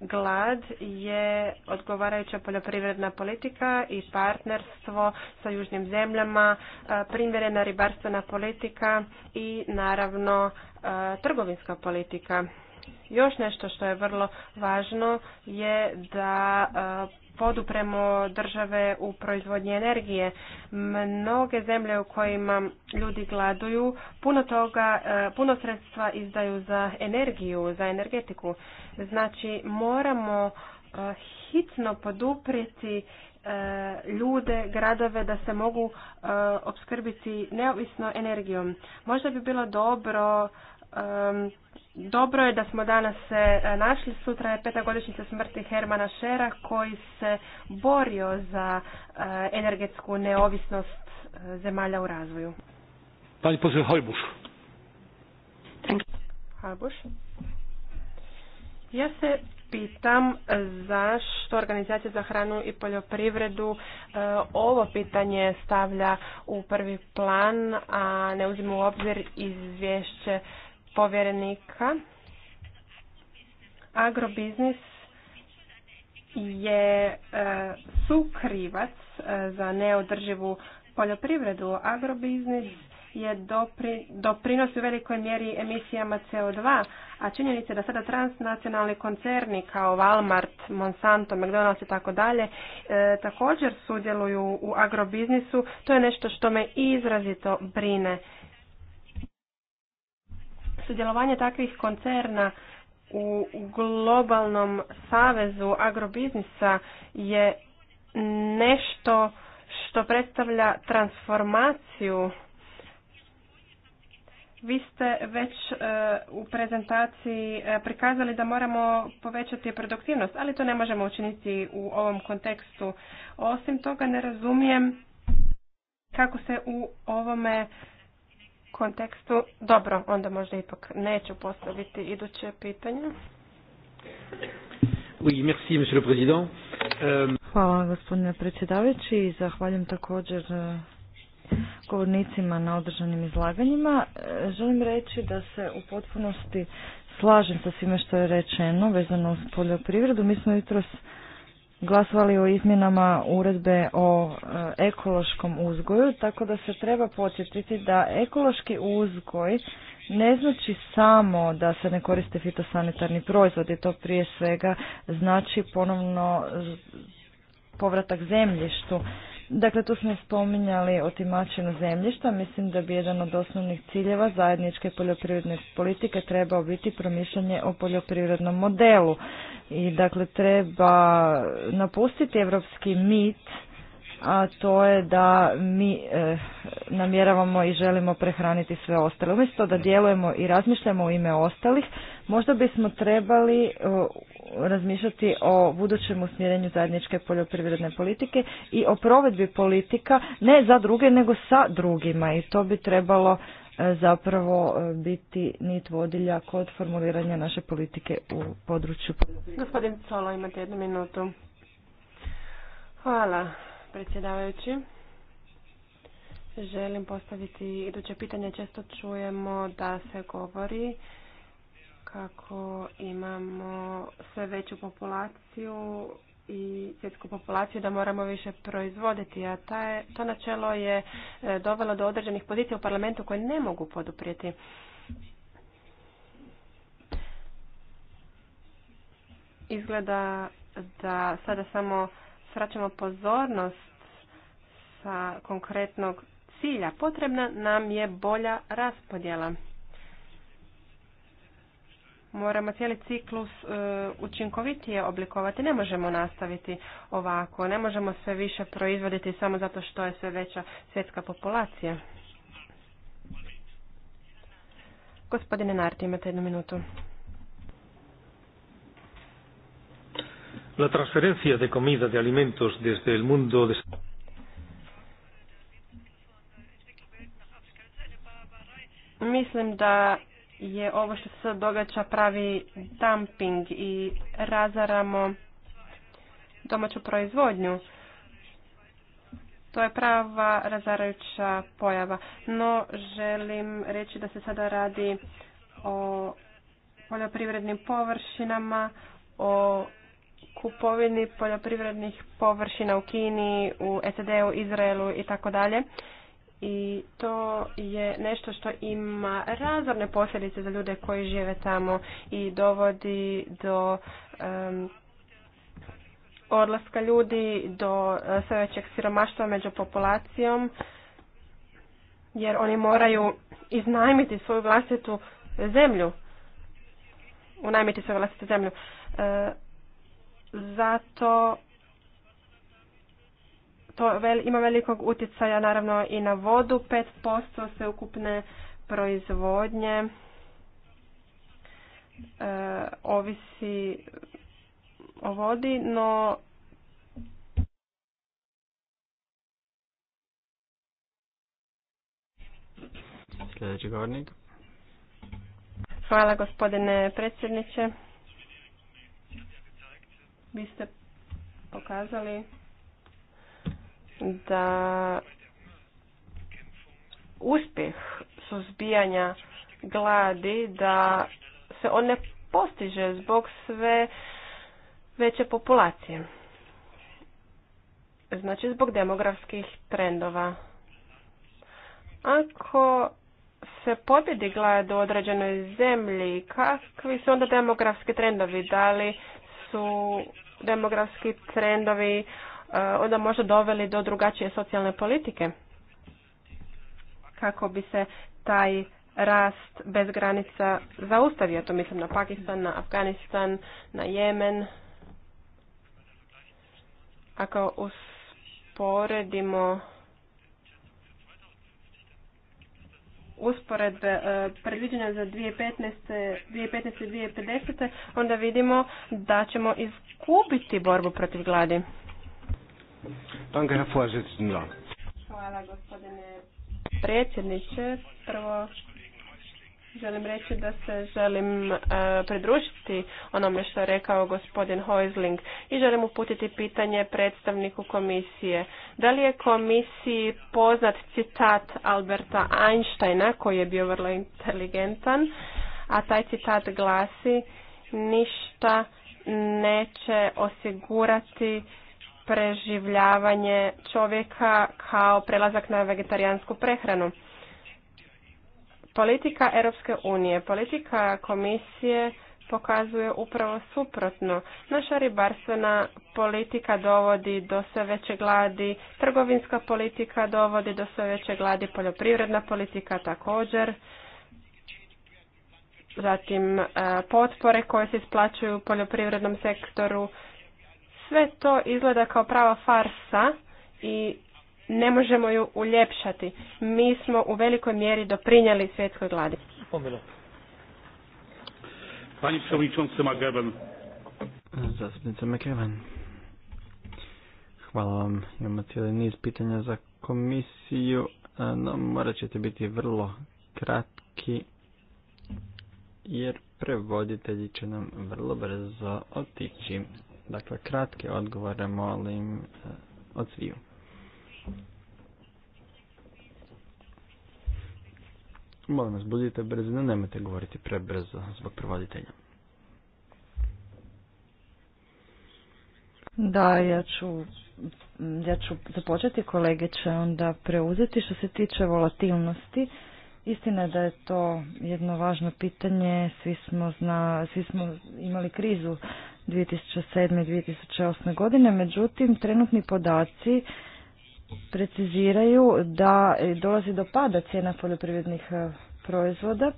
glad je odgovarajuća poljoprivredna politika i partnerstvo sa južnim zemljama, e, primjerena ribarstvena politika i naravno e, trgovinska politika. Još nešto što je vrlo važno je da e, podupremo države u proizvodnji energije. Mnoge zemlje u kojima ljudi gladuju puno toga, e, puno sredstva izdaju za energiju, za energetiku. Znači moramo e, hitno poduprijeti ljude, gradove da se mogu obskrbiti neovisno energijom. Možda bi bilo dobro dobro je da smo danas se našli, sutra je petagodišnjica smrti Hermana Šera koji se borio za e, energetsku neovisnost e, zemalja u razvoju. Pani Ja se pitam zašto Organizacija za hranu i poljoprivredu e, ovo pitanje stavlja u prvi plan, a ne uzima u obzir izvješće povjerenika. Agrobiznis je e, sukrivac e, za neodrživu poljoprivredu. Agrobiznis je doprinos doprinosi u velikoj mjeri emisijama CO2, a činjenica je da sada transnacionalni koncerni kao Walmart, Monsanto, McDonald's i tako dalje e, također sudjeluju u agrobiznisu. To je nešto što me izrazito brine sudjelovanje takvih koncerna u globalnom savezu agrobiznisa je nešto što predstavlja transformaciju. Vi ste već e, u prezentaciji e, prikazali da moramo povećati produktivnost, ali to ne možemo učiniti u ovom kontekstu. Osim toga ne razumijem kako se u ovome kontekstu. Dobro, onda možda ipak neću postaviti iduće pitanje. Oui, merci, monsieur le président. Euh, Hvala gospodine predsjedavajući i zahvaljujem također e, govornicima na održanim izlaganjima. E, želim reći da se u potpunosti slažem sa svime što je rečeno vezano uz poljoprivredu. Mi smo jutros glasovali o izmjenama uredbe o e, ekološkom uzgoju, tako da se treba podsjetiti da ekološki uzgoj ne znači samo da se ne koriste fitosanitarni proizvodi, to prije svega znači ponovno povratak zemljištu. Dakle, tu smo spominjali timačinu zemljišta. Mislim da bi jedan od osnovnih ciljeva zajedničke poljoprivredne politike trebao biti promišljanje o poljoprivrednom modelu. I dakle, treba napustiti evropski mit, a to je da mi eh, namjeravamo i želimo prehraniti sve ostale. Umjesto da djelujemo i razmišljamo u ime ostalih, Možda bismo trebali e, razmišljati o budućem usmjerenju zajedničke poljoprivredne politike i o provedbi politika ne za druge nego sa drugima i to bi trebalo e, zapravo e, biti nit vodilja kod formuliranja naše politike u području. Gospodin Colo, imate jednu minutu. Hvala, predsjedavajući. Želim postaviti iduće pitanje. Često čujemo da se govori kako imamo sve veću populaciju i svjetsku populaciju da moramo više proizvoditi, a taj, to načelo je e, dovelo do određenih pozicija u parlamentu koje ne mogu poduprijeti. Izgleda da sada samo sraćamo pozornost sa konkretnog cilja. Potrebna nam je bolja raspodjela moramo cijeli ciklus e, učinkovitije oblikovati. Ne možemo nastaviti ovako, ne možemo sve više proizvoditi samo zato što je sve veća svjetska populacija. Gospodine Narti, imate jednu minutu. La transferencia de comida, de alimentos desde el mundo de... Mislim da je ovo što se događa pravi dumping i razaramo domaću proizvodnju. To je prava razarajuća pojava. No, želim reći da se sada radi o poljoprivrednim površinama, o kupovini poljoprivrednih površina u Kini, u SAD-u, Izraelu i tako dalje i to je nešto što ima razorne posljedice za ljude koji žive tamo i dovodi do odlaska ljudi, do e, sve većeg siromaštva među populacijom, jer oni moraju iznajmiti svoju vlastitu zemlju. Unajmiti svoju vlastitu zemlju. E, zato to ima velikog utjecaja naravno i na vodu, 5% ukupne proizvodnje e, ovisi o vodi, no Sljedeći govornik. Hvala gospodine predsjedniče. Vi ste pokazali da uspjeh suzbijanja gladi da se on ne postiže zbog sve veće populacije. Znači zbog demografskih trendova. Ako se pobjedi glad u određenoj zemlji, kakvi su onda demografski trendovi? Da li su demografski trendovi Eh, onda možda doveli do drugačije socijalne politike kako bi se taj rast bez granica zaustavio. To mislim na Pakistan, na Afganistan, na Jemen. Ako usporedimo usporedbe eh, predviđene za 2015. 2015. i 2050. onda vidimo da ćemo izgubiti borbu protiv gladi. Danke, Vorsitzender. Hvala, gospodine predsjedniče. Prvo želim reći da se želim e, pridružiti onome što je rekao gospodin Hoizling i želim uputiti pitanje predstavniku komisije. Da li je komisiji poznat citat Alberta Einsteina koji je bio vrlo inteligentan, a taj citat glasi ništa neće osigurati preživljavanje čovjeka kao prelazak na vegetarijansku prehranu. Politika Europske unije, politika komisije pokazuje upravo suprotno. Naša ribarstvena politika dovodi do sve veće gladi, trgovinska politika dovodi do sve veće gladi, poljoprivredna politika također. Zatim e, potpore koje se isplaćuju u poljoprivrednom sektoru sve to izgleda kao prava farsa i ne možemo ju uljepšati. Mi smo u velikoj mjeri doprinijeli svjetskoj gladi. Pani przewodniczący Zastupnica Hvala vam. Imamo cijeli niz pitanja za komisiju, no morat ćete biti vrlo kratki, jer prevoditelji će nam vrlo brzo otići. Dakle, kratke odgovore molim e, od sviju. Molim vas, budite brzi, nemojte govoriti prebrzo zbog provoditelja. Da, ja ću, ja ću započeti, kolege će onda preuzeti. Što se tiče volatilnosti, Istina je da je to jedno važno pitanje, svi smo, zna, svi smo imali krizu 2007. i 2008. godine, međutim trenutni podaci preciziraju da dolazi do pada cijena poljoprivrednih eh, proizvoda.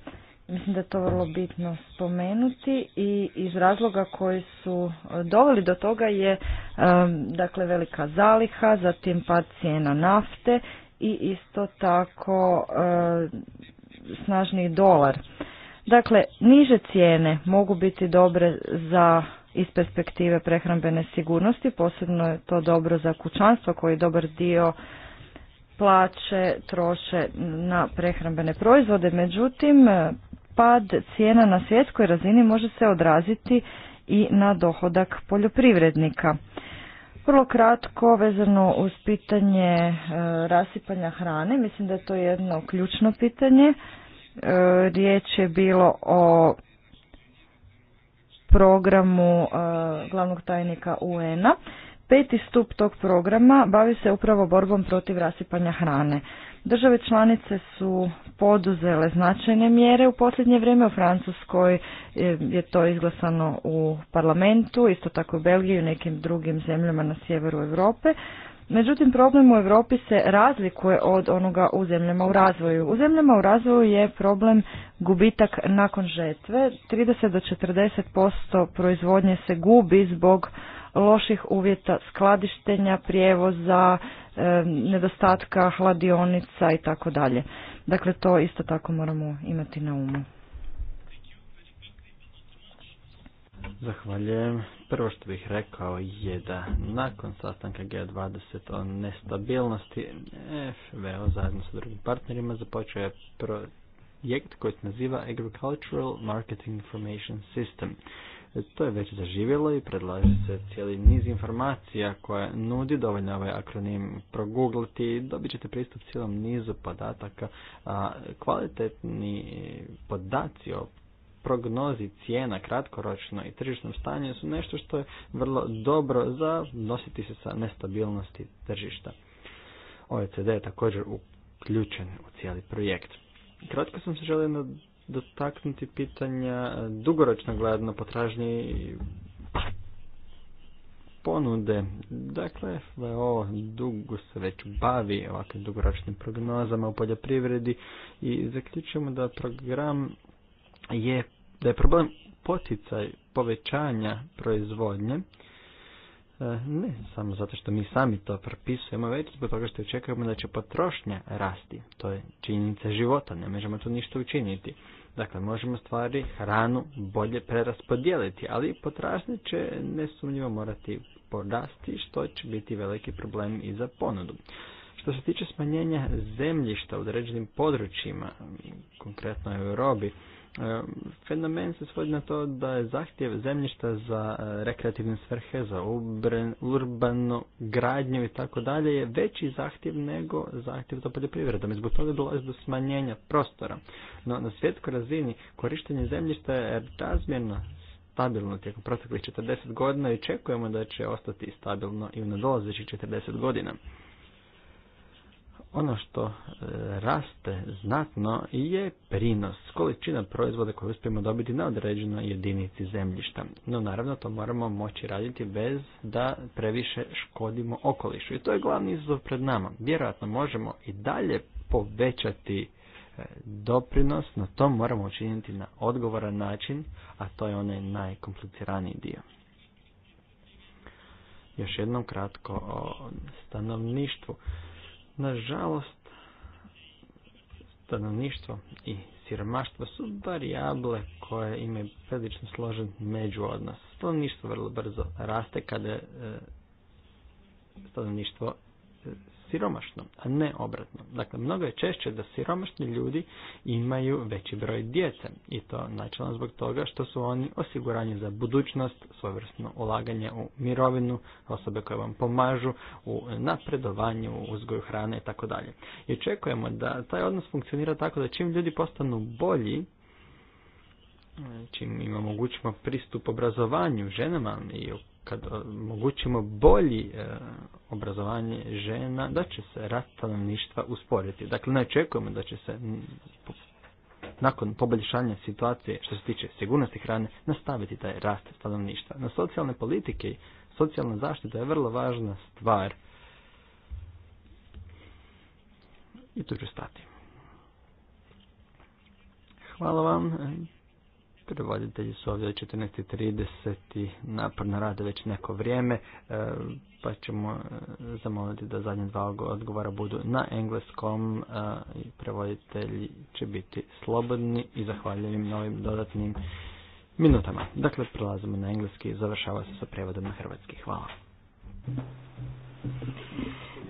Mislim da je to vrlo bitno spomenuti i iz razloga koji su eh, doveli do toga je eh, dakle velika zaliha, zatim pad cijena nafte i isto tako e, snažni dolar. Dakle, niže cijene mogu biti dobre za iz perspektive prehrambene sigurnosti, posebno je to dobro za kućanstvo koji dobar dio plaće troše na prehrambene proizvode, međutim pad cijena na svjetskoj razini može se odraziti i na dohodak poljoprivrednika. Vrlo kratko vezano uz pitanje e, rasipanja hrane, mislim da je to jedno ključno pitanje. E, riječ je bilo o programu e, glavnog tajnika UN-a. Peti stup tog programa bavi se upravo borbom protiv rasipanja hrane. Države članice su poduzele značajne mjere u posljednje vrijeme. U Francuskoj e, je to izglasano u parlamentu, isto tako u Belgiji i u nekim drugim zemljama na sjeveru Europe. Međutim, problem u Europi se razlikuje od onoga u zemljama u razvoju. U zemljama u razvoju je problem gubitak nakon žetve. 30 do 40% proizvodnje se gubi zbog loših uvjeta skladištenja, prijevoza, E, nedostatka hladionica i tako dalje. Dakle, to isto tako moramo imati na umu. Zahvaljujem. Prvo što bih rekao je da nakon sastanka G20 o nestabilnosti FVO zajedno sa drugim partnerima započeo je projekt koji se naziva Agricultural Marketing Information System. To je već zaživjelo i predlaže se cijeli niz informacija koje nudi dovoljno ovaj akronim proguglati i dobit ćete pristup cijelom nizu podataka. Kvalitetni podaci o prognozi cijena kratkoročno i tržišnom stanju su nešto što je vrlo dobro za nositi se sa nestabilnosti tržišta. OECD je također uključen u cijeli projekt. Kratko sam se želio dotaknuti pitanja e, dugoročno gledano potražnje i ponude. Dakle, FVO dugo se već bavi ovakvim dugoročnim prognozama u poljoprivredi i zaključujemo da program je, da je problem poticaj povećanja proizvodnje E, ne samo zato što mi sami to propisujemo, već zbog toga što očekujemo da će potrošnja rasti. To je činjenica života, ne možemo tu ništa učiniti. Dakle, možemo stvari, hranu bolje preraspodijeliti, ali potražnje će nesumnjivo morati porasti, što će biti veliki problem i za ponudu. Što se tiče smanjenja zemljišta u određenim područjima, konkretno u Europi, Ehm, fenomen se svodi na to da je zahtjev zemljišta za e, rekreativne svrhe, za urbano gradnju i tako dalje je veći zahtjev nego zahtjev za poljoprivredom i zbog toga dolazi do smanjenja prostora. No na svjetskoj razini korištenje zemljišta je razmjerno stabilno tijekom proteklih 40 godina i očekujemo da će ostati stabilno i u nadolazećih 40 godina. Ono što e, raste znatno je prinos, količina proizvoda koju uspijemo dobiti na određenoj jedinici zemljišta. No naravno to moramo moći raditi bez da previše škodimo okolišu. I to je glavni izazov pred nama. Vjerojatno možemo i dalje povećati e, doprinos, no to moramo učiniti na odgovoran način, a to je onaj najkompliciraniji dio. Još jednom kratko o stanovništvu. Nažalost, stanovništvo i siromaštvo su varijable koje imaju prilično složen među odnos. Stanovništvo vrlo brzo raste kada e, stanovništvo e, siromašnom, a ne obratno. Dakle, mnogo je češće da siromašni ljudi imaju veći broj djece i to načelno zbog toga što su oni osiguranje za budućnost, svojvrstno ulaganje u mirovinu, osobe koje vam pomažu u napredovanju, u uzgoju hrane i tako dalje. I očekujemo da taj odnos funkcionira tako da čim ljudi postanu bolji, čim im omogućimo pristup obrazovanju ženama i kad omogućimo bolji e, obrazovanje žena, da će se rast stanovništva usporiti. Dakle, ne očekujemo da će se nakon poboljšanja situacije što se tiče sigurnosti hrane nastaviti taj rast stanovništva. Na socijalne politike i socijalna zaštita je vrlo važna stvar. I tu ću stati. Hvala vam. Prevoditelji su ovdje 14.30 naporno rade već neko vrijeme, e, pa ćemo e, zamoliti da zadnje dva odgovora budu na engleskom. E, prevoditelji će biti slobodni i zahvaljujem na dodatnim minutama. Dakle, prelazimo na engleski i završava se sa prevodom na hrvatski. Hvala.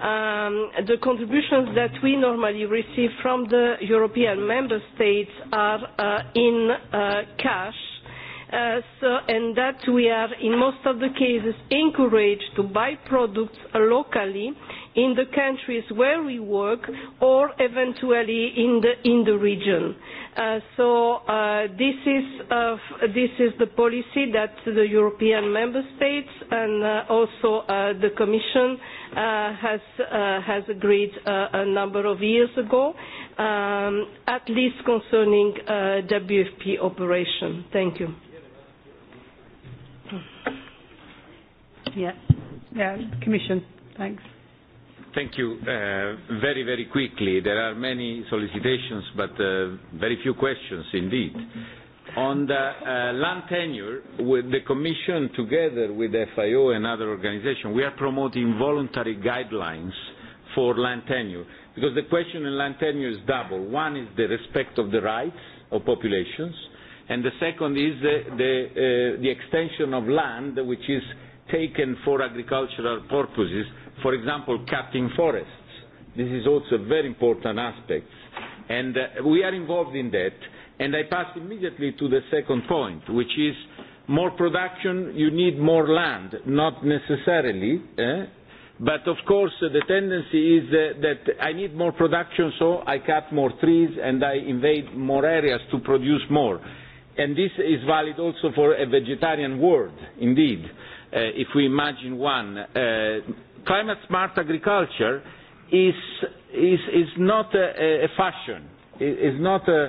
um, the contributions that we normally receive from the European member states are uh, in uh, cash. Uh, so, and that we are in most of the cases encouraged to buy products locally in the countries where we work or eventually in the, in the region. so this, is, this is the policy that the European member states and also the Commission Uh, has, uh, has agreed uh, a number of years ago, um, at least concerning WFP operation. Thank you. Yeah. Yeah, Commission. Thanks. Thank you. Uh, very, very quickly, there are many solicitations, but uh, very few questions indeed. On the uh, land tenure, with the Commission together with FIO and other organizations, we are promoting voluntary guidelines for land tenure. Because the question in land tenure is double. One is the respect of the rights of populations, and the second is the, the, uh, the extension of land which is taken for agricultural purposes, for example, cutting forests. This is also a very important aspect. And uh, we are involved in that And I pass immediately to the second point, which is more production, you need more land. Not necessarily, eh? but of course the tendency is eh, that I need more production, so I cut more trees and I invade more areas to produce more. And this is valid also for a vegetarian world, indeed, eh, if we imagine one. Eh, climate smart agriculture is, is, is not a, a fashion, is not a